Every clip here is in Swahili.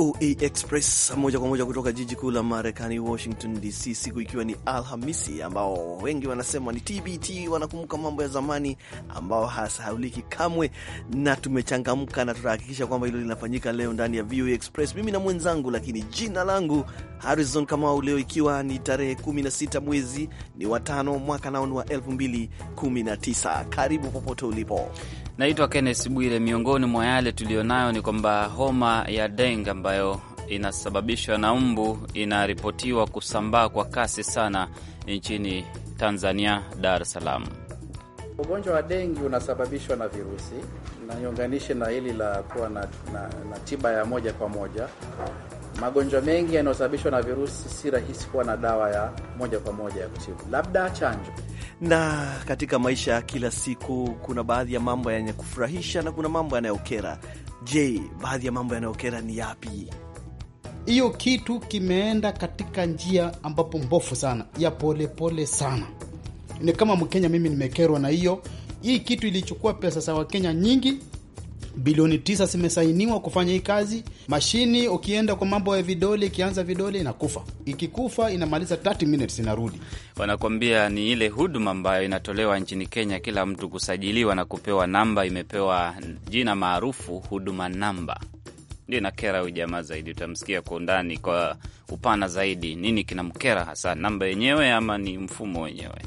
VOA Express moja kwa moja kutoka jiji kuu la Marekani, Washington DC, siku ikiwa ni Alhamisi, ambao wengi wanasema ni TBT, wanakumbuka mambo ya zamani ambao hasahauliki kamwe, na tumechangamka na tutahakikisha kwamba hilo linafanyika leo ndani ya VOA Express, mimi na mwenzangu, lakini jina langu Harrison Kamau. Leo ikiwa ni tarehe 16 mwezi ni watano mwaka nao ni wa 2019. Karibu popote ulipo Naitwa Kenneth Bwire. Miongoni mwa yale tuliyonayo ni kwamba homa ya dengue ambayo inasababishwa na mbu inaripotiwa kusambaa kwa kasi sana nchini Tanzania, Dar es Salaam. Ugonjwa wa dengue unasababishwa na virusi, na naiunganishe na hili la kuwa na, na, na tiba ya moja kwa moja. Magonjwa mengi yanayosababishwa na virusi si rahisi kuwa na dawa ya moja kwa moja ya kutibu, labda chanjo na katika maisha ya kila siku kuna baadhi ya mambo yenye kufurahisha na kuna mambo yanayokera. Je, baadhi ya mambo yanayokera ni yapi? Hiyo kitu kimeenda katika njia ambapo mbofu sana ya polepole pole sana. Ni kama Mkenya, mimi nimekerwa na hiyo hii kitu ilichukua pesa za Wakenya nyingi bilioni tisa zimesainiwa kufanya hii kazi. Mashini ukienda kwa mambo ya vidole, ikianza vidole inakufa, ikikufa inamaliza 30 minutes inarudi. Wanakuambia ni ile huduma ambayo inatolewa nchini Kenya, kila mtu kusajiliwa na kupewa namba, imepewa jina maarufu huduma namba. Ndio inakera huyu jamaa zaidi, utamsikia kwa undani, kwa upana zaidi, nini kinamkera hasa, namba yenyewe ama ni mfumo wenyewe?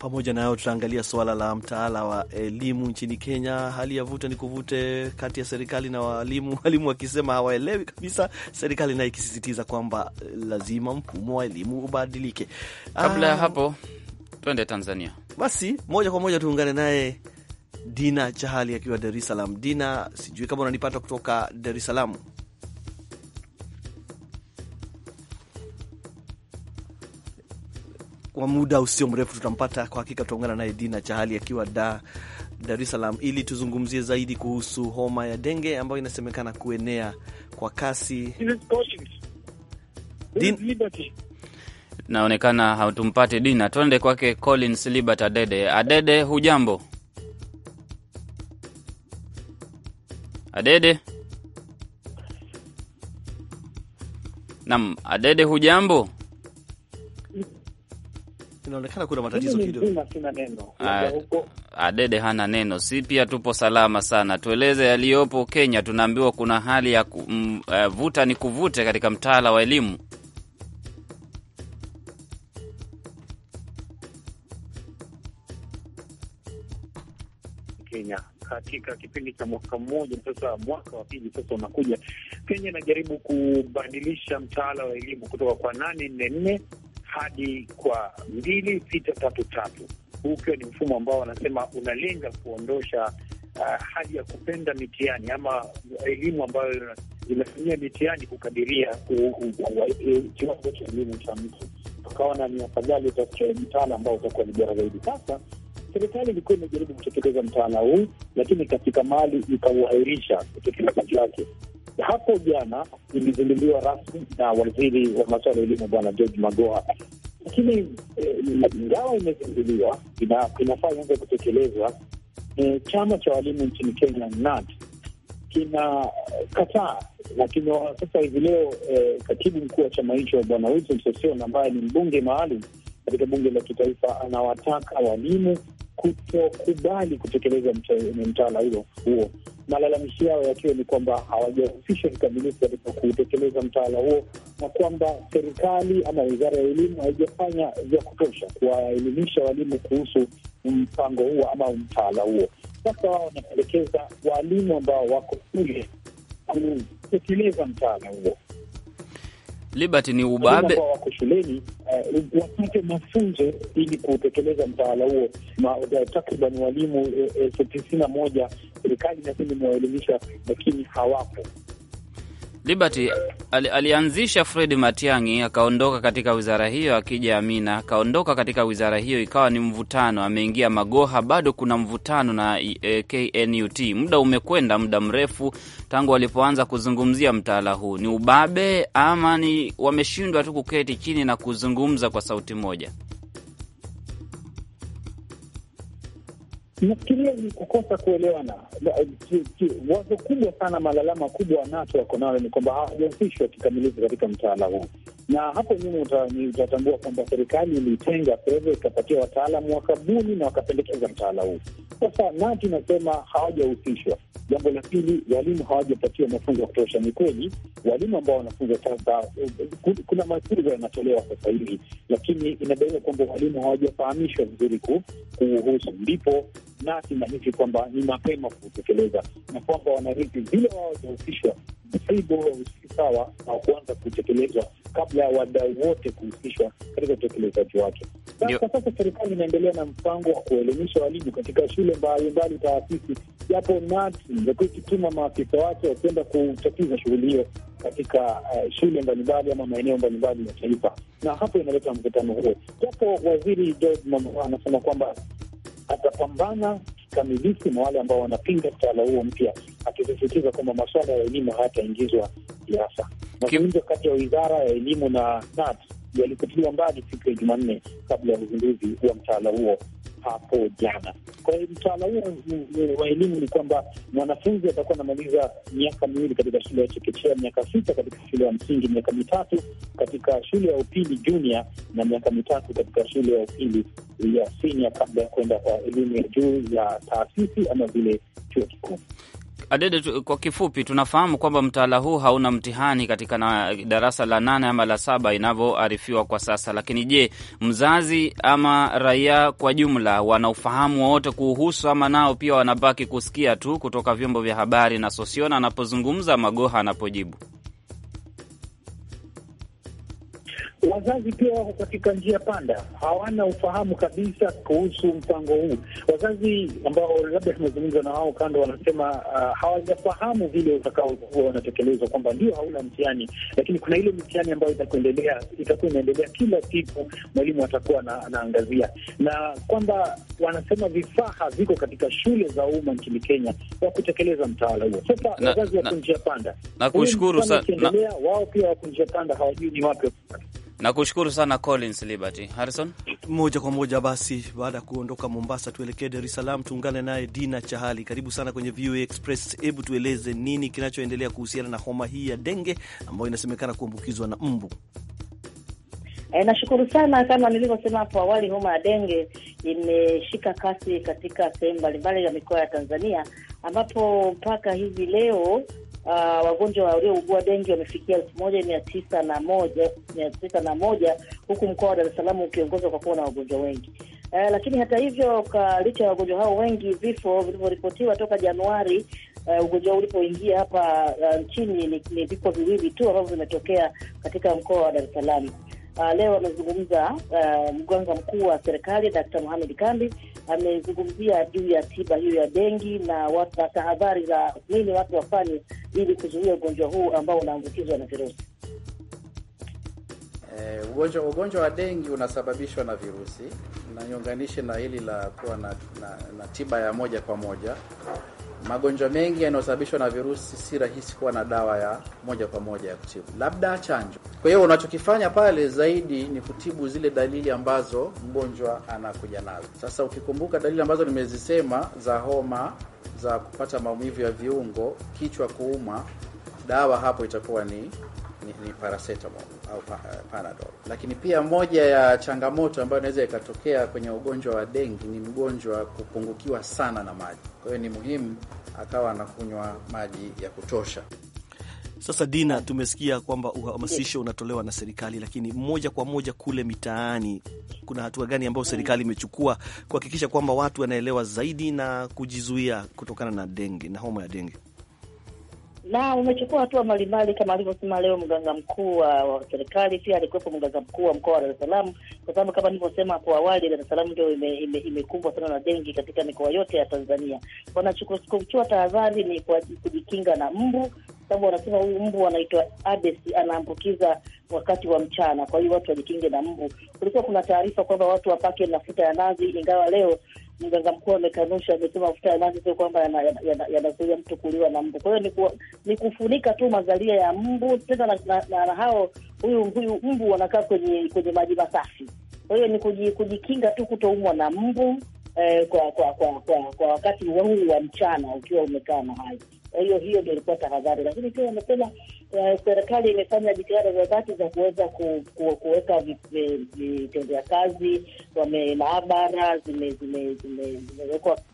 pamoja nayo tutaangalia suala la mtaala wa elimu nchini Kenya, hali ya vuta ni kuvute kati ya serikali na walimu, walimu wakisema hawaelewi kabisa, serikali nayo ikisisitiza kwamba lazima mfumo wa elimu ubadilike. Kabla ya ah, hapo, twende Tanzania. Basi moja kwa moja tuungane naye Dina Chahali akiwa Dar es Salaam. Dina, sijui kama unanipata kutoka Dar es Salaam. wa muda usio mrefu tutampata kwa hakika, tutaungana naye Dina Chahali akiwa da Dar es Salaam ili tuzungumzie zaidi kuhusu homa ya denge ambayo inasemekana kuenea kwa kasi. Naonekana hatumpate Dina, tuende kwake Collins Libert Adede. Adede, hujambo? Adede nam, Adede hujambo? inaonekana kuna matatizo kidogo. Ah, Adede hana neno, si pia tupo salama sana. Tueleze yaliyopo Kenya. Tunaambiwa kuna hali ya ku, m, mm, uh, eh, vuta ni kuvute katika mtaala wa elimu. Kenya katika kipindi cha mwaka mmoja sasa, mwaka wa pili sasa unakuja, Kenya inajaribu kubadilisha mtaala wa elimu kutoka kwa nane nne nne hadi kwa mbili sita tatu tatu, huu ukiwa ni mfumo ambao wanasema unalenga kuondosha uh, hali ya kupenda mitihani ama elimu ambayo inatumia mitihani kukadiria kiwango cha elimu cha mtu, tukaona ni afadhali utafute mtaala ambao utakuwa ni bora zaidi. Sasa serikali ilikuwa imejaribu kutekeleza mtaala huu, lakini katika mali ikauahirisha kutekeleza wake hapo jana ilizinduliwa rasmi na waziri wa masuala ya elimu Bwana George Magoha, lakini eh, ingawa eh, imezinduliwa inafaa ianze kutekelezwa. Eh, chama cha walimu nchini Kenya NAT kinakataa na kina eh, sasa hivi leo eh, katibu mkuu wa chama hicho Bwana Wilson Sosion ambaye ni mbunge maalum katika bunge la kitaifa anawataka walimu kutokubali kutekeleza mtaala huo huo, malalamishi yao yakiwa ni kwamba hawajahusishwa kikamilifu katika kutekeleza mtaala huo na kwamba serikali ama wizara ya elimu haijafanya vya kutosha kuwaelimisha walimu kuhusu mpango huo ama mtaala huo. Sasa wao wanapendekeza walimu ambao wako kule kutekeleza mtaala huo Liberty ni ubabe wako shuleni eh, uh, wapate mafunzo ili kutekeleza mtaala huo. Eh, takriban walimu eh, elfu tisini na moja serikali inasema imewaelimisha, lakini hawapo. Liberty al, alianzisha Fred Matiang'i akaondoka katika wizara hiyo, akija Amina akaondoka katika wizara hiyo, ikawa ni mvutano, ameingia Magoha, bado kuna mvutano na e, KNUT. Muda umekwenda muda mrefu tangu walipoanza kuzungumzia mtaala huu. Ni ubabe ama ni wameshindwa tu kuketi chini na kuzungumza kwa sauti moja? Nafikiria ni kukosa kuelewana. Wazo kubwa sana, malalama kubwa wanacho wako nayo ni kwamba hawajahusishwa kikamilifu katika mtaala huu na hapo nyuma utatambua kwamba serikali ilitenga fedha ikapatia wataalamu wakabuni na wakapendekeza mtaala huu. Sasa nati nasema hawajahusishwa. Jambo la pili, walimu hawajapatiwa mafunzo ya kutosha. Ni kweli walimu ambao wanafunza sasa, kuna mafunzo yanatolewa sasa hivi, lakini inadaiwa kwamba walimu hawajafahamishwa vizuri kuhusu, ndipo nati nahisi kwamba ni mapema kutekeleza na kwamba wanarithi vile wao wajahusishwa msaibo wa usawa sawa na kuanza kutekelezwa kabla ya wadau wote kuhusishwa katika utekelezaji wake. Kwa sasa serikali inaendelea na mpango wa kuelimisha walimu katika shule mbalimbali, taasisi japo nati imekuwa ikituma maafisa wake wakienda kutatiza shughuli hiyo katika uh, shule mbalimbali ama maeneo mbalimbali ya taifa, na hapo inaleta mvutano huo, japo waziri George anasema kwamba atapambana kikamilifu na wale ambao wanapinga utawala huo mpya, akisisitiza kwamba masuala ya elimu hayataingizwa siasa. Mazungumzo kati ya wizara ya elimu na NAT yalipotiliwa mbali siku ya Jumanne kabla ya uzinduzi wa mtaala huo hapo jana. Kwa hiyo mtaala huo wa elimu ni kwamba mwanafunzi atakuwa anamaliza miaka miwili katika shule ya chekechea, miaka sita katika shule ya msingi, miaka mitatu katika shule ya upili junior, na miaka mitatu katika shule ya upili ya senior, kabla ya kwenda kwa elimu ya juu ya taasisi ama vile chuo kikuu. Adede, kwa kifupi, tunafahamu kwamba mtaala huu hauna mtihani katika na darasa la nane ama la saba inavyoarifiwa kwa sasa, lakini je, mzazi ama raia kwa jumla wanaufahamu wowote kuhusu ama nao pia wanabaki kusikia tu kutoka vyombo vya habari na Sosiona anapozungumza, Magoha anapojibu? Wazazi pia wako katika njia panda, hawana ufahamu kabisa kuhusu mpango huu. Wazazi ambao labda tumezungumza na wao kando, wanasema uh, hawajafahamu vile utakaokuwa unatekelezwa, kwamba ndio hauna mtihani, lakini kuna ile mtihani ambayo itakuendelea, itakuwa inaendelea kila siku, mwalimu atakuwa na, anaangazia na kwamba wanasema vifaa haviko katika shule za umma nchini Kenya wa kutekeleza mtaala huo. Sasa wazazi wako njia panda, nakushukuru sana. Wao pia wako njia panda, hawajui ni wapi Nakushukuru sana Collins Liberty Harrison. Moja kwa moja basi, baada ya kuondoka Mombasa, tuelekee Dar es Salaam, tuungane naye Dina Chahali. Karibu sana kwenye VOA Express. Hebu tueleze nini kinachoendelea kuhusiana na homa hii ya denge ambayo inasemekana kuambukizwa na mbu? E, nashukuru sana. Kama nilivyosema hapo awali, homa ya denge imeshika kasi katika sehemu mbalimbali ya mikoa ya Tanzania, ambapo mpaka hivi leo uh, wagonjwa waliougua dengi wamefikia elfu moja mia tisa na moja mia tisa na moja huku mkoa wa Dar es Salaam ukiongozwa kwa kuwa na wagonjwa wengi. Uh, lakini hata hivyo, licha ya wagonjwa hao wengi, vifo vilivyoripotiwa toka Januari uh, ugonjwa ulipoingia hapa uh, nchini ni, ni vifo viwili tu ambavyo vimetokea katika mkoa wa Dar es Salaam. Uh, leo amezungumza uh, mganga mkuu wa serikali Dkt. Mohamed Kambi amezungumzia juu ya tiba hiyo ya dengi na watu, tahadhari za nini watu wafanye ili kuzuia ugonjwa huu ambao unaambukizwa na virusi. Eh, ugonjwa ugonjwa wa dengi unasababishwa na virusi, na niunganishe na hili la kuwa na, na, na tiba ya moja kwa moja Magonjwa mengi yanayosababishwa na virusi si rahisi kuwa na dawa ya moja kwa moja ya kutibu, labda chanjo. Kwa hiyo unachokifanya pale zaidi ni kutibu zile dalili ambazo mgonjwa anakuja nazo. Sasa ukikumbuka dalili ambazo nimezisema za homa, za kupata maumivu ya viungo, kichwa kuuma, dawa hapo itakuwa ni ni, ni paracetamol au pa, panadol. Lakini pia moja ya changamoto ambayo inaweza ikatokea kwenye ugonjwa wa dengi ni mgonjwa kupungukiwa sana na maji, kwa hiyo ni muhimu akawa anakunywa maji ya kutosha. Sasa Dina, tumesikia kwamba uhamasisho unatolewa na serikali, lakini moja kwa moja kule mitaani, kuna hatua gani ambayo serikali imechukua kuhakikisha kwamba watu wanaelewa zaidi na kujizuia kutokana na dengue na homa ya dengue? na umechukua hatua mbalimbali kama alivyosema leo mganga mkuu wa serikali. Pia alikuwepo mganga mkuu wa mkoa wa Dar es Salaam, kwa sababu kama nilivyosema hapo awali, Dar es Salaam ndio imekumbwa ime, ime sana na dengi katika mikoa yote ya Tanzania. Wanachukua tahadhari ni kwa kujikinga na mbu, sababu wanasema huyu mbu anaitwa Aedes anaambukiza wakati wa mchana, kwa hiyo watu wajikinge na mbu. Kulikuwa kuna taarifa kwamba watu wapake mafuta ya nazi, ingawa leo mganga mkuu amekanusha, amesema mafuta ya nazi sio kwamba yanazuia mtu kuliwa na mbu. Kwa hiyo ni, ku, ni kufunika tu mazalia ya mbu tena na, na, na, na hao huyu huyu mbu wanakaa kwenye kwenye maji masafi. Kwa hiyo ni kujikinga tu kutoumwa na mbu eh, kwa, kwa, kwa, kwa, kwa wakati huu wa mchana ukiwa umekaa na hai Kwa hiyo hiyo ndio ilikuwa tahadhari, lakini pia amesema serikali imefanya jitihada za dhati za kuweza ku, ku, kuweka vitendea kazi wame maabara zimewekwa zime,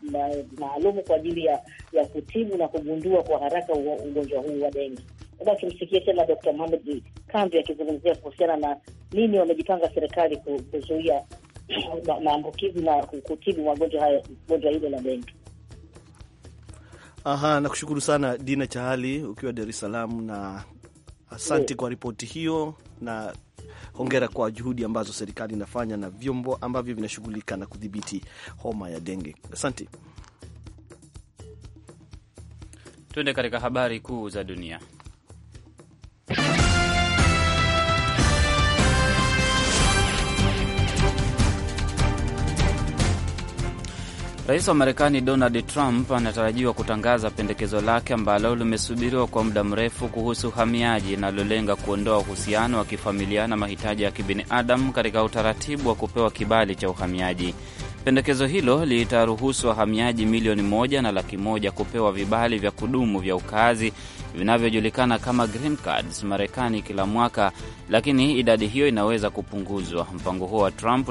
zime maalumu kwa ajili ya, ya kutibu na kugundua kwa haraka ugonjwa huu wa dengi. Labda tumsikie tena d Mohamed Kambi akizungumzia kuhusiana na nini wamejipanga serikali kuzuia maambukizi na kutibu magonjwa haya, gonjwa hilo la dengi. Aha, nakushukuru sana Dina Chahali ukiwa Dar es Salaam na asante kwa ripoti hiyo na hongera kwa juhudi ambazo serikali inafanya na vyombo ambavyo vinashughulika na kudhibiti homa ya denge. Asante. Tuende katika habari kuu za dunia. Rais wa Marekani Donald Trump anatarajiwa kutangaza pendekezo lake ambalo limesubiriwa kwa muda mrefu kuhusu uhamiaji linalolenga kuondoa uhusiano wa kifamilia na mahitaji ya kibinadamu katika utaratibu wa kupewa kibali cha uhamiaji. Pendekezo hilo litaruhusu wahamiaji milioni moja na laki moja kupewa vibali vya kudumu vya ukaazi vinavyojulikana kama green cards Marekani kila mwaka, lakini idadi hiyo inaweza kupunguzwa. Mpango huo wa Trump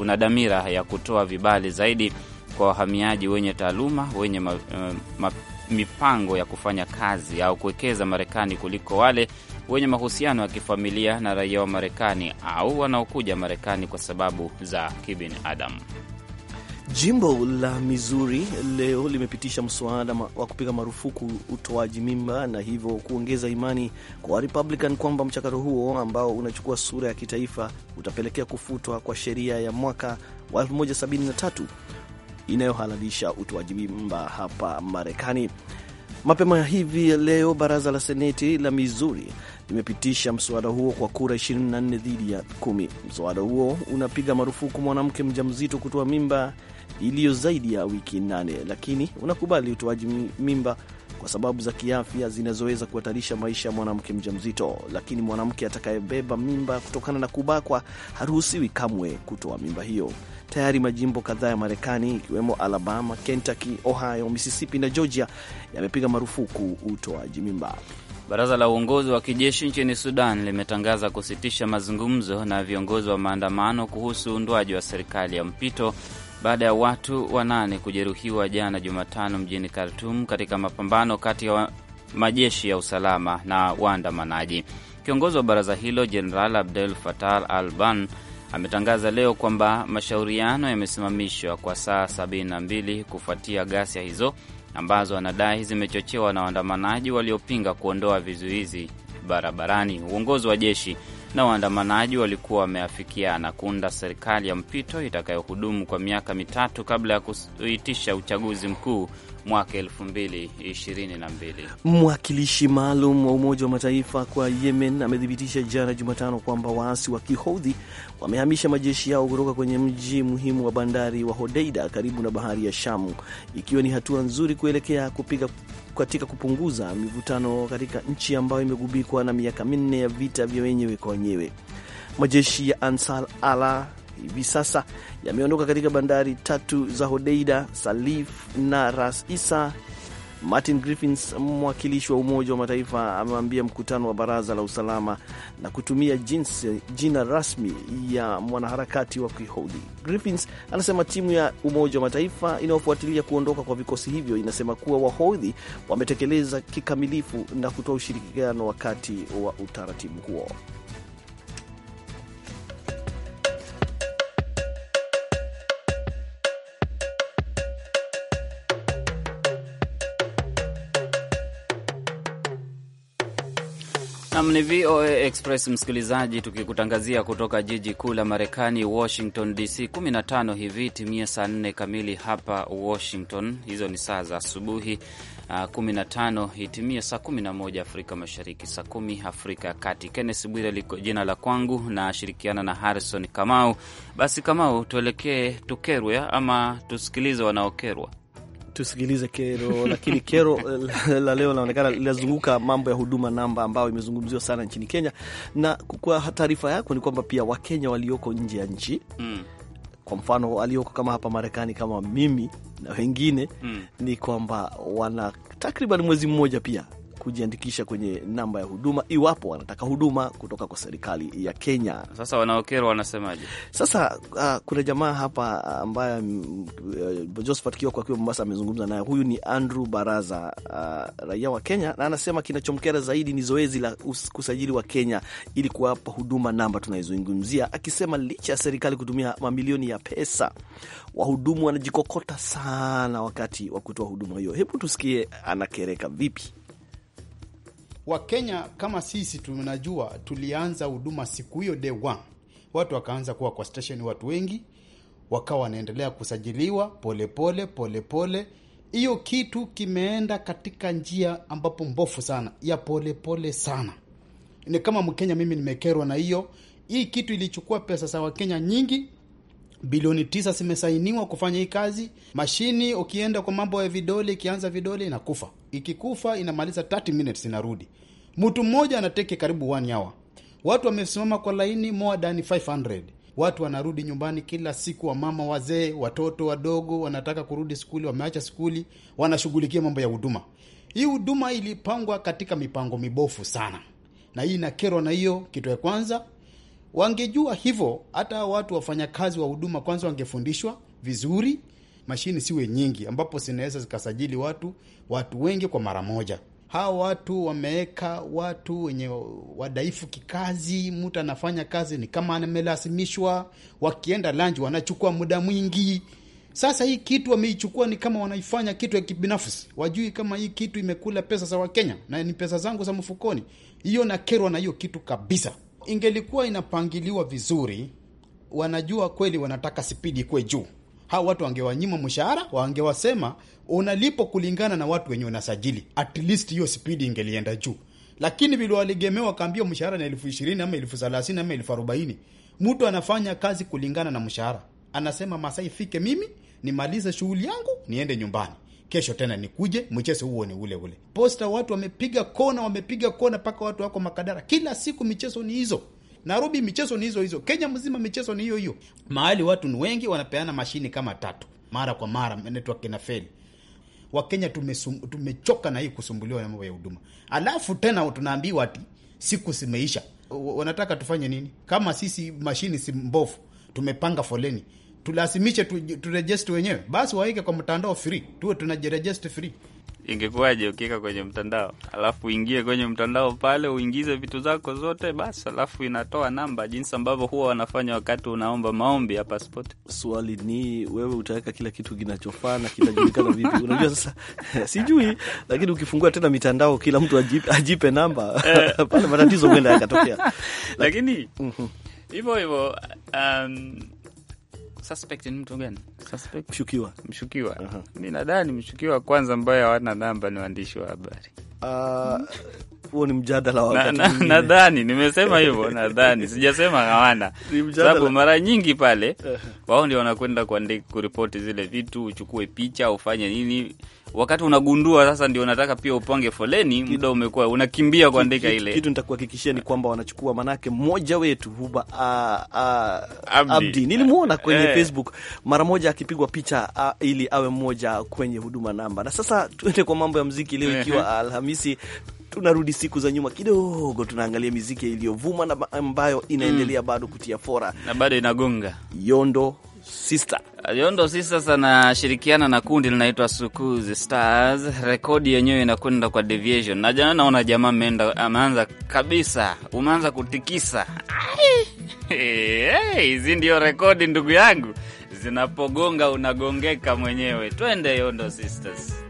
una dhamira ya kutoa vibali zaidi kwa wahamiaji wenye taaluma, wenye ma, eh, ma, mipango ya kufanya kazi au kuwekeza Marekani kuliko wale wenye mahusiano ya kifamilia na raia wa Marekani au wanaokuja Marekani kwa sababu za kibinadamu. Jimbo la Missouri leo limepitisha mswada wa kupiga marufuku utoaji mimba na hivyo kuongeza imani kwa Warepublican kwamba mchakato huo ambao unachukua sura ya kitaifa utapelekea kufutwa kwa sheria ya mwaka wa 1973 inayohalalisha utoaji mimba hapa Marekani. Mapema hivi leo baraza la seneti la Missouri limepitisha mswada huo kwa kura 24 dhidi ya kumi. Mswada huo unapiga marufuku mwanamke mjamzito kutoa mimba iliyo zaidi ya wiki nane, lakini unakubali utoaji mimba kwa sababu za kiafya zinazoweza kuhatarisha maisha ya mwanamke mjamzito, lakini mwanamke atakayebeba mimba kutokana na kubakwa haruhusiwi kamwe kutoa mimba hiyo. Tayari majimbo kadhaa ya Marekani ikiwemo Alabama, Kentucky, Ohio, Mississippi na Georgia yamepiga marufuku utoaji mimba. Baraza la uongozi wa kijeshi nchini Sudan limetangaza kusitisha mazungumzo na viongozi wa maandamano kuhusu uundwaji wa serikali ya mpito baada ya watu wanane kujeruhiwa jana Jumatano mjini Khartum katika mapambano kati ya majeshi ya usalama na waandamanaji. Kiongozi wa baraza hilo Jeneral Abdel Fattah al-Burhan ametangaza leo kwamba mashauriano yamesimamishwa kwa saa 72 kufuatia ghasia hizo ambazo anadai zimechochewa na waandamanaji waliopinga kuondoa vizuizi barabarani. Uongozi wa jeshi na waandamanaji walikuwa wameafikiana kuunda serikali ya mpito itakayohudumu kwa miaka mitatu kabla ya kuitisha uchaguzi mkuu mwaka 2022. Mwakilishi maalum wa Umoja wa Mataifa kwa Yemen amethibitisha jana Jumatano kwamba waasi wa Kihoudhi wamehamisha majeshi yao kutoka kwenye mji muhimu wa bandari wa Hodeida karibu na bahari ya Shamu, ikiwa ni hatua nzuri kuelekea kupiga katika kupunguza mivutano katika nchi ambayo imegubikwa na miaka minne ya vita vya wenyewe kwa wenyewe. Majeshi ya Ansar Allah hivi sasa yameondoka katika bandari tatu za Hodeida, Salif na Ras Isa Martin Griffiths, mwakilishi wa Umoja wa Mataifa, amewambia mkutano wa Baraza la Usalama na kutumia jinsi, jina rasmi ya mwanaharakati wa Kihouthi. Griffiths anasema timu ya Umoja wa Mataifa inayofuatilia kuondoka kwa vikosi hivyo inasema kuwa Wahoudhi wametekeleza kikamilifu na kutoa ushirikiano wakati wa utaratibu huo. Nam ni VOA Express msikilizaji, tukikutangazia kutoka jiji kuu la Marekani, Washington DC. 15 hivi timia saa 4 kamili hapa Washington, hizo ni saa za asubuhi. 15 ah, itimia saa 11 Afrika Mashariki, saa 1 Afrika ya Kati. Kennes Bwire liko jina la kwangu, nashirikiana na Harrison Kamau. Basi Kamau, tuelekee tukerwe ama tusikilize wanaokerwa tusikilize kero lakini kero eh, la leo linaonekana linazunguka mambo ya huduma namba ambayo imezungumziwa sana nchini Kenya, na kwa taarifa yako ni kwamba pia Wakenya walioko nje ya nchi mm. Kwa mfano alioko kama hapa Marekani kama mimi na wengine mm. ni kwamba wana takriban mwezi mmoja pia kujiandikisha kwenye namba ya huduma iwapo wanataka huduma kutoka kwa serikali ya Kenya. Sasa wanaokero wanasemaje? Sasa uh, kuna jamaa hapa ambaye uh, Josephat Kioko akiwa Mombasa amezungumza naye. Huyu ni Andrew Baraza, uh, raia wa Kenya, na anasema kinachomkera zaidi ni zoezi la kusajili wa Kenya ili kuwapa huduma namba tunaizungumzia, akisema licha ya serikali kutumia mamilioni ya pesa, wahudumu wanajikokota sana wakati wa kutoa huduma hiyo. Hebu tusikie anakereka vipi. Wakenya kama sisi tunajua, tulianza huduma siku hiyo day one, watu wakaanza kuwa kwa station, watu wengi wakawa wanaendelea kusajiliwa polepole polepole. Hiyo pole, kitu kimeenda katika njia ambapo mbofu sana ya polepole pole sana. Ni kama Mkenya mimi nimekerwa na hiyo hii kitu, ilichukua pesa za Wakenya nyingi bilioni tisa zimesainiwa kufanya hii kazi. Mashini ukienda kwa mambo ya vidole, ikianza vidole inakufa, ikikufa inamaliza 30 minutes inarudi. Mtu mmoja anateke karibu one hour. Watu wamesimama kwa laini more than 500. Watu wanarudi nyumbani kila siku, wamama, wazee, watoto wadogo wanataka kurudi skuli, wameacha skuli, wanashughulikia mambo ya huduma. Hii huduma ilipangwa katika mipango mibofu sana, na hii inakerwa na hiyo kitu ya kwanza Wangejua hivyo, hata watu wafanyakazi wa huduma kwanza wangefundishwa vizuri, mashini siwe nyingi, ambapo zinaweza zikasajili watu watu wengi kwa mara moja. Hawa watu wameweka watu wenye wadaifu kikazi, mtu anafanya kazi ni kama amelazimishwa, wakienda lanji wanachukua muda mwingi. Sasa hii kitu wameichukua ni kama wanaifanya kitu ya kibinafsi, wajui kama hii kitu imekula pesa za Wakenya na ni pesa zangu za mfukoni. Hiyo nakerwa na hiyo kitu kabisa ingelikuwa inapangiliwa vizuri, wanajua kweli wanataka spidi ikuwe juu, haa watu wangewanyima mshahara, wangewasema unalipo kulingana na watu wenye unasajili. At least hiyo spidi ingelienda juu, lakini vile waligemewa, wakaambia mshahara na elfu ishirini ama elfu thelathini ama elfu arobaini Mtu anafanya kazi kulingana na mshahara, anasema masaa ifike, mimi nimalize shughuli yangu niende nyumbani kesho tena nikuje, mchezo huo ni ule ule. Posta watu wamepiga kona, wamepiga kona mpaka watu wako Makadara. Kila siku michezo ni hizo. Nairobi michezo ni hizo hizo. Kenya mzima michezo ni hiyo hiyo. Mahali watu ni wengi, wanapeana mashini kama tatu mara kwa mara, network inafeli. Wakenya tumesum, tumechoka na hii kusumbuliwa na mambo ya huduma, alafu tena tunaambiwa ati siku zimeisha. Wanataka tufanye nini kama sisi mashini si mbovu? Tumepanga foleni tulazimishe turejesti wenyewe, basi waweke kwa mtandao free, tuwe tunajirejesti free. Ingekuwaje ukiweka kwenye mtandao alafu uingie kwenye mtandao pale uingize vitu zako zote basi, alafu inatoa namba, jinsi ambavyo huwa wanafanya wakati unaomba maombi ya paspoti. Swali ni wewe utaweka kila kitu kinachofaa na kinajulikana vipi? Unajua sasa sijui, lakini ukifungua tena mitandao kila mtu ajipe, ajipe namba eh. pale matatizo huenda yakatokea, lakini mhm. hivyo hivyo um, suspect ni mtu gani? Suspect mshukiwa, mshukiwa. Uh -huh. nadhani mshukiwa kwanza ambaye hawana namba ni waandishi wa habari ah, huo ni mjadala wa wakati nimesema hivyo, nadhani sijasema hawana, sababu mara nyingi pale wao ndio wanakwenda kuripoti zile vitu, uchukue picha ufanye nini wakati unagundua sasa ndio unataka pia upange foleni, muda umekuwa unakimbia kuandika ile kitu. Nitakuhakikishia ni kwamba wanachukua, manake mmoja wetu Huba Abdi, Abdi nilimwona kwenye eh, Facebook mara moja akipigwa picha a, ili awe mmoja kwenye huduma namba. Na sasa tuende kwa mambo ya mziki leo, ikiwa Alhamisi tunarudi siku za nyuma kidogo, tunaangalia miziki iliyovuma na ambayo inaendelea mm, bado kutia fora na bado inagonga yondo Sister Yondo Sisters anashirikiana na kundi linaitwa Sukuzi Stars. Rekodi yenyewe inakwenda kwa Deviation, na jana naona jamaa ameenda, ameanza kabisa, umeanza kutikisa. Hizi ndio rekodi ndugu yangu, zinapogonga unagongeka mwenyewe. Twende Yondo Sisters.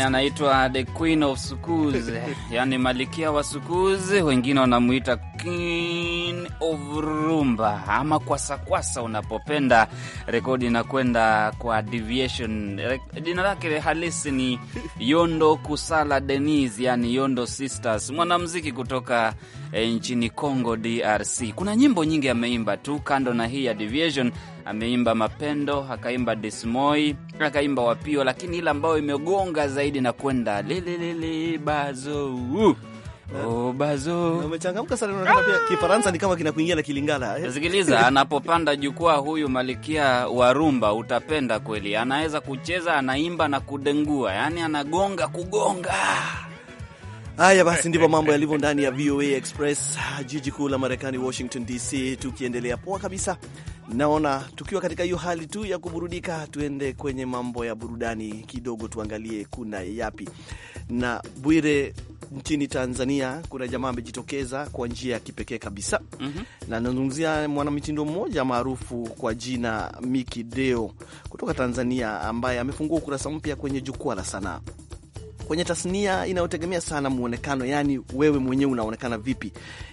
yani anaitwa the queen of sukuz yani malikia wa sukuz, wengine wanamuita king of rumba ama kwasakwasa, unapopenda rekodi inakwenda kwa deviation. Jina lake halisi ni Yondo Kusala denis yani Yondo Sisters, mwanamziki kutoka e, nchini Congo DRC. Kuna nyimbo nyingi ameimba tu kando na hii ya deviation, ameimba Mapendo, akaimba Dismoi akaimba wapio, lakini ile ambayo imegonga zaidi na kwenda lelelele bazo eh. Oh, bazo umechangamka sana pia Kifaransa ni kama kinakuingia na Kilingala. Eh? Sikiliza, anapopanda jukwaa huyu malikia wa rumba utapenda kweli, anaweza kucheza, anaimba na kudengua, yaani anagonga kugonga. Haya basi, ndivyo mambo yalivyo ndani ya VOA Express, jiji kuu la Marekani, Washington DC, tukiendelea poa kabisa Naona tukiwa katika hiyo hali tu ya kuburudika, tuende kwenye mambo ya burudani kidogo, tuangalie kuna yapi. Na Bwire, nchini Tanzania kuna jamaa amejitokeza kwa njia ya kipekee kabisa mm -hmm. na nazungumzia mwanamitindo mmoja maarufu kwa jina Miki Deo kutoka Tanzania, ambaye amefungua ukurasa mpya kwenye jukwaa la sanaa kwenye tasnia inayotegemea sana mwonekano, yaani wewe mwenyewe unaonekana vipi.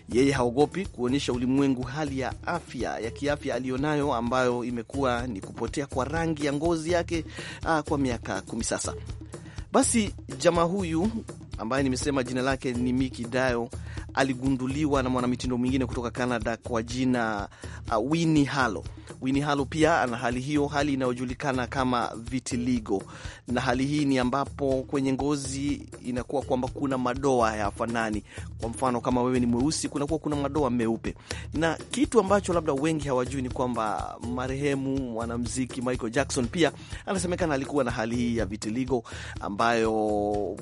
Yeye haogopi kuonyesha ulimwengu hali ya afya ya kiafya aliyonayo, ambayo imekuwa ni kupotea kwa rangi ya ngozi yake aa, ah, kwa miaka kumi sasa. Basi jamaa huyu ambaye nimesema jina lake ni Miki Dayo aligunduliwa na mwanamitindo mwingine kutoka Canada kwa jina uh, Winnie Halo. Winnie Halo pia ana hali hiyo, hali inayojulikana kama vitiligo, na hali hii ni ambapo kwenye ngozi inakuwa kwamba kuna madoa ya fanani. Kwa mfano kama wewe ni mweusi, kunakuwa kuna madoa meupe, na kitu ambacho labda wengi hawajui ni kwamba marehemu mwanamuziki Michael Jackson pia anasemekana alikuwa na hali hii ya vitiligo ambayo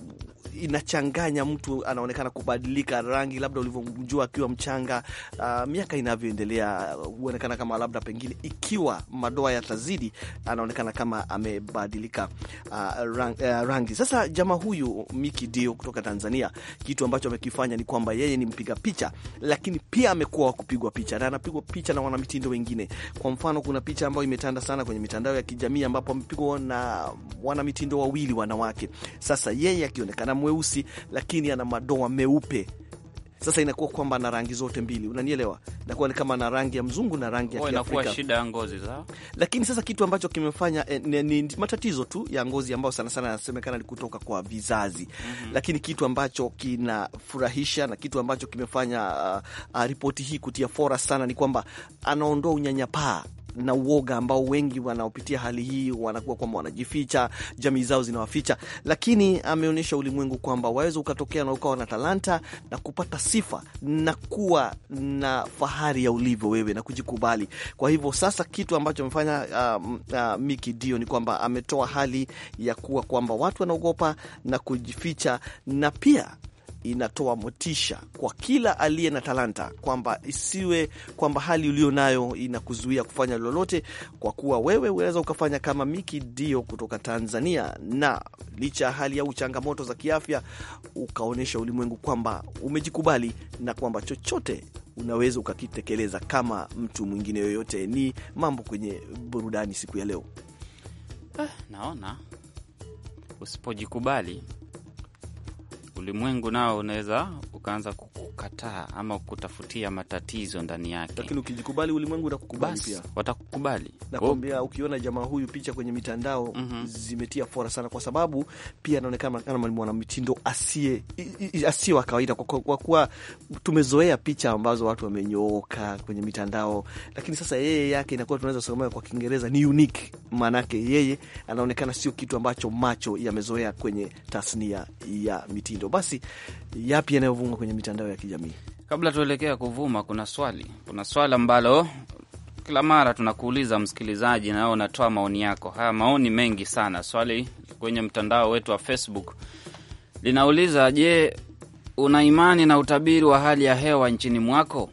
inachanganya mtu, anaonekana kubadilika rangi, labda ulivyomjua akiwa mchanga. Uh, miaka inavyoendelea huonekana kama labda pengine, ikiwa madoa yatazidi, anaonekana kama amebadilika uh, rang, uh, rangi. Sasa jamaa huyu Miki Dio kutoka Tanzania, kitu ambacho amekifanya ni kwamba yeye ni mpiga picha, lakini pia amekuwa wa kupigwa picha na anapigwa picha na wanamitindo wengine. Kwa mfano, kuna picha ambayo imetanda sana kwenye mitandao ya kijamii ambapo amepigwa na wanamitindo wawili wanawake. Sasa yeye akionekana mweusi, lakini ana madoa meupe. Sasa inakuwa kwamba na rangi zote mbili, unanielewa? Nakuwa ni kama na rangi ya mzungu na rangi ya oh, Kiafrika, shida ya ngozi za. Lakini sasa kitu ambacho kimefanya eh, ni matatizo tu ya ngozi ambayo sana sana yanasemekana ni kutoka kwa vizazi mm -hmm. Lakini kitu ambacho kinafurahisha na kitu ambacho kimefanya uh, uh, ripoti hii kutia fora sana ni kwamba anaondoa unyanyapaa na uoga ambao wengi wanaopitia hali hii wanakuwa kwamba wanajificha, jamii zao zinawaficha, lakini ameonyesha ulimwengu kwamba waweza ukatokea na ukawa na talanta na kupata sifa na kuwa na fahari ya ulivyo wewe na kujikubali. Kwa hivyo sasa kitu ambacho amefanya um, uh, uh, Miki Dio ni kwamba ametoa hali ya kuwa kwamba watu wanaogopa na kujificha na pia inatoa motisha kwa kila aliye na talanta, kwamba isiwe kwamba hali ulio nayo inakuzuia kufanya lolote, kwa kuwa wewe unaweza ukafanya kama Miki Dio kutoka Tanzania, na licha ya hali au changamoto za kiafya, ukaonyesha ulimwengu kwamba umejikubali na kwamba chochote unaweza ukakitekeleza kama mtu mwingine yoyote. Ni mambo kwenye burudani siku ya leo. Eh, naona usipojikubali ulimwengu nao unaweza ukaanza kukataa ama kutafutia matatizo ndani yake, lakini ukijikubali ulimwengu utakukubali pia, watakukubali. Nakwambia, ukiona jamaa huyu picha kwenye mitandao mm -hmm. zimetia fora sana, kwa sababu pia anaonekana kama mwanamitindo asiye asiye wa kawaida, kwa kuwa tumezoea picha ambazo watu wamenyooka kwenye mitandao, lakini sasa yeye yake inakuwa tunaweza sema kwa Kiingereza ni unique, maanake yeye anaonekana sio kitu ambacho macho yamezoea kwenye tasnia ya mitindo basi yapi yanayovuma kwenye mitandao ya kijamii? Kabla tuelekea kuvuma, kuna swali, kuna swali ambalo kila mara tunakuuliza msikilizaji, nao unatoa maoni yako. Haya maoni mengi sana. Swali kwenye mtandao wetu wa Facebook linauliza, je, una imani na utabiri wa hali ya hewa nchini mwako?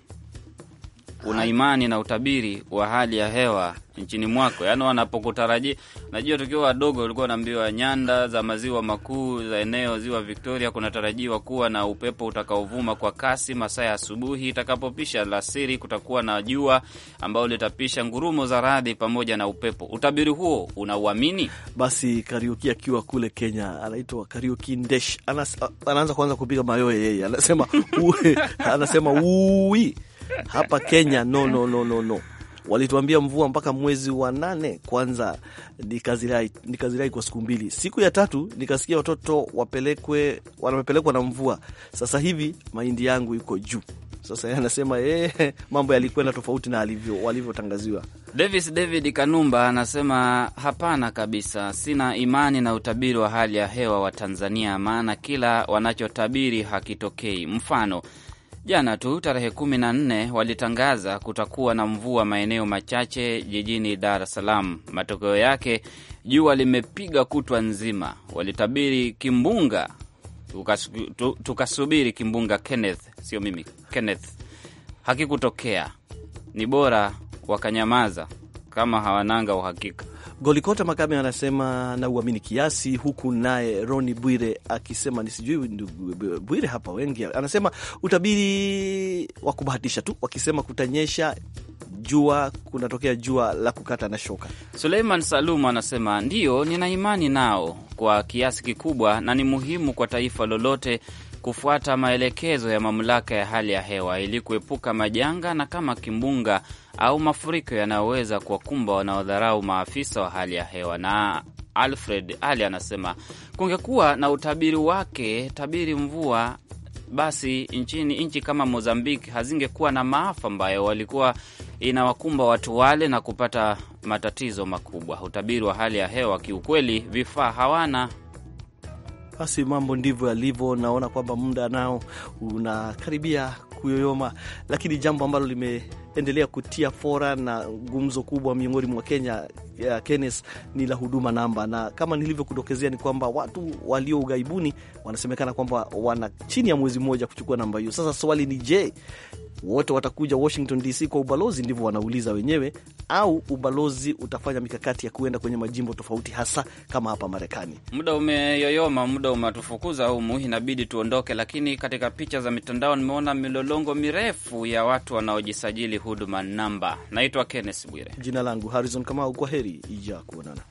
una imani na utabiri wa hali ya hewa nchini mwako, yaani wanapokutarajia. Najua tukiwa wadogo ulikuwa unaambiwa nyanda za maziwa makuu za eneo ziwa Victoria kunatarajiwa kuwa na upepo utakaovuma kwa kasi masaa ya asubuhi itakapopisha alasiri, kutakuwa na jua ambayo litapisha ngurumo za radhi pamoja na upepo. Utabiri huo unauamini? Basi Kariuki akiwa kule Kenya, anaitwa Kariuki Ndesh, anaanza kwanza kupiga mayoe yeye, anasema uwi, anasema uwi hapa Kenya no, no, no, no, no. Walituambia mvua mpaka mwezi wa nane kwanza, nikazirai nikazirai kwa siku mbili. Siku ya tatu nikasikia watoto wapelekwe, wanapelekwa na mvua. Sasa hivi mahindi yangu iko juu. Sasa anasema eh, mambo yalikwenda tofauti na alivyo walivyotangaziwa. Davis David Kanumba anasema hapana kabisa, sina imani na utabiri wa hali ya hewa wa Tanzania, maana kila wanachotabiri hakitokei. Mfano Jana tu tarehe kumi na nne walitangaza kutakuwa na mvua maeneo machache jijini Dar es Salaam. Matokeo yake jua limepiga kutwa nzima. Walitabiri kimbunga, tukasubiri kimbunga Kenneth, sio mimi, Kenneth, hakikutokea. Ni bora wakanyamaza kama hawananga uhakika. Golikota Makame anasema na uamini kiasi, huku naye Roni Bwire akisema ni sijui Bwire hapa wengi, anasema utabiri wa kubahatisha tu, wakisema kutanyesha jua kunatokea jua la kukata na shoka. Suleiman Salum anasema ndiyo, nina imani nao kwa kiasi kikubwa, na ni muhimu kwa taifa lolote kufuata maelekezo ya mamlaka ya hali ya hewa ili kuepuka majanga, na kama kimbunga au mafuriko yanayoweza kuwakumba wanaodharau maafisa wa hali ya hewa. Na Alfred Ali anasema kungekuwa na utabiri wake tabiri mvua basi nchini nchi kama Mozambiki hazingekuwa na maafa ambayo walikuwa inawakumba watu wale na kupata matatizo makubwa. Utabiri wa hali ya hewa kiukweli, vifaa hawana. Basi mambo ndivyo yalivyo. Naona kwamba muda nao unakaribia kuyoyoma, lakini jambo ambalo lime endelea kutia fora na gumzo kubwa miongoni mwa Kenya ya Kenes ni la huduma namba, na kama nilivyokudokezea ni kwamba watu walio ughaibuni wanasemekana kwamba wana chini ya mwezi mmoja kuchukua namba hiyo. Sasa swali ni je, wote watakuja Washington DC kwa ubalozi? Ndivyo wanauliza wenyewe, au ubalozi utafanya mikakati ya kuenda kwenye majimbo tofauti, hasa kama hapa Marekani? Muda umeyoyoma, muda umetufukuza humu, inabidi tuondoke, lakini katika picha za mitandao nimeona milolongo mirefu ya watu wanaojisajili huduma namba. Naitwa Kenneth Bwire. Jina langu Harrison Kamau, kwa heri ya kuonana.